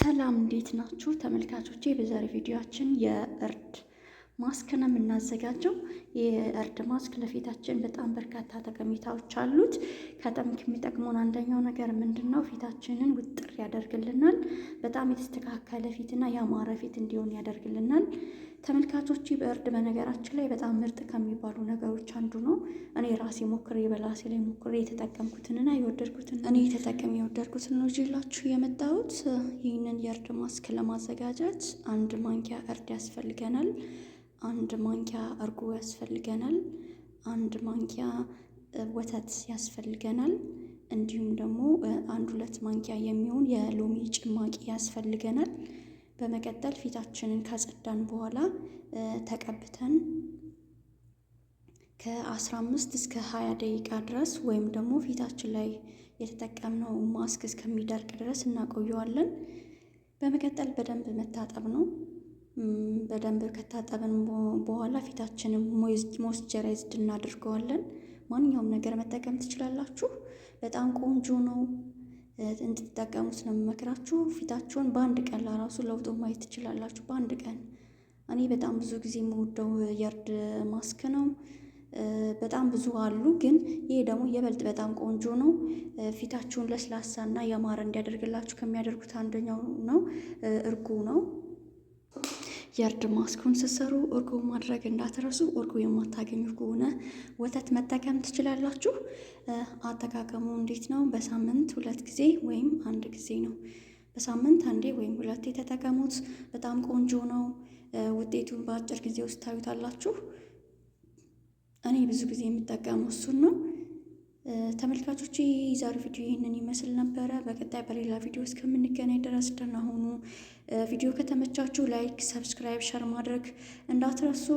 ሰላም እንዴት ናችሁ ተመልካቾቼ? በዛሬ ቪዲዮችን የእርድ ማስክ ነው የምናዘጋጀው። የእርድ ማስክ ለፊታችን በጣም በርካታ ጠቀሜታዎች አሉት። ከጠም የሚጠቅመውን አንደኛው ነገር ምንድን ነው? ፊታችንን ውጥር ያደርግልናል። በጣም የተስተካከለ ፊትና ያማረ ፊት እንዲሆን ያደርግልናል። ተመልካቾች በእርድ በነገራችን ላይ በጣም ምርጥ ከሚባሉ ነገሮች አንዱ ነው። እኔ ራሴ ሞክሬ በራሴ ላይ ሞክሬ የተጠቀምኩትንና የወደድኩትን እኔ የተጠቀም የወደድኩትን ነው ይዤላችሁ የመጣሁት። ይህንን የእርድ ማስክ ለማዘጋጀት አንድ ማንኪያ እርድ ያስፈልገናል። አንድ ማንኪያ እርጎ ያስፈልገናል። አንድ ማንኪያ ወተት ያስፈልገናል። እንዲሁም ደግሞ አንድ ሁለት ማንኪያ የሚሆን የሎሚ ጭማቂ ያስፈልገናል። በመቀጠል ፊታችንን ካጸዳን በኋላ ተቀብተን ከ15 እስከ 20 ደቂቃ ድረስ ወይም ደግሞ ፊታችን ላይ የተጠቀምነው ማስክ እስከሚደርቅ ድረስ እናቆየዋለን። በመቀጠል በደንብ መታጠብ ነው። በደንብ ከታጠብን በኋላ ፊታችንን ሞይስቸራይዝድ እናድርገዋለን። ማንኛውም ነገር መጠቀም ትችላላችሁ። በጣም ቆንጆ ነው። እንድትጠቀሙት ነው የምመክራችሁ። ፊታችሁን በአንድ ቀን ለራሱ ለውጦ ማየት ትችላላችሁ። በአንድ ቀን እኔ በጣም ብዙ ጊዜ የምወደው የርድ ማስክ ነው። በጣም ብዙ አሉ፣ ግን ይሄ ደግሞ የበልጥ በጣም ቆንጆ ነው። ፊታችሁን ለስላሳና ያማረ እንዲያደርግላችሁ ከሚያደርጉት አንደኛው ነው፣ እርጎ ነው። የእርድ ማስኩን ስትሰሩ እርጎ ማድረግ እንዳትረሱ። እርጎ የማታገኙ ከሆነ ወተት መጠቀም ትችላላችሁ። አጠቃቀሙ እንዴት ነው? በሳምንት ሁለት ጊዜ ወይም አንድ ጊዜ ነው። በሳምንት አንዴ ወይም ሁለቴ የተጠቀሙት በጣም ቆንጆ ነው። ውጤቱን በአጭር ጊዜ ውስጥ ታዩታላችሁ። እኔ ብዙ ጊዜ የምጠቀመው እሱን ነው። ተመልካቾች የዛሬ ቪዲዮ ይህንን ይመስል ነበረ። በቀጣይ በሌላ ቪዲዮ እስከምንገናኝ ድረስ ደህና ሁኑ። ቪዲዮ ከተመቻችሁ ላይክ፣ ሰብስክራይብ፣ ሸር ማድረግ እንዳትረሱ።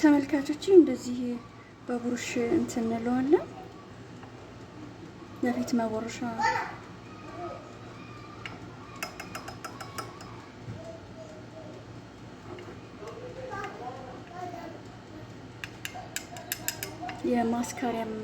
ተመልካቾች እንደዚህ በቡሩሽ እንትን እንለዋለን። የፊት መቦረሻ የማስካሪያም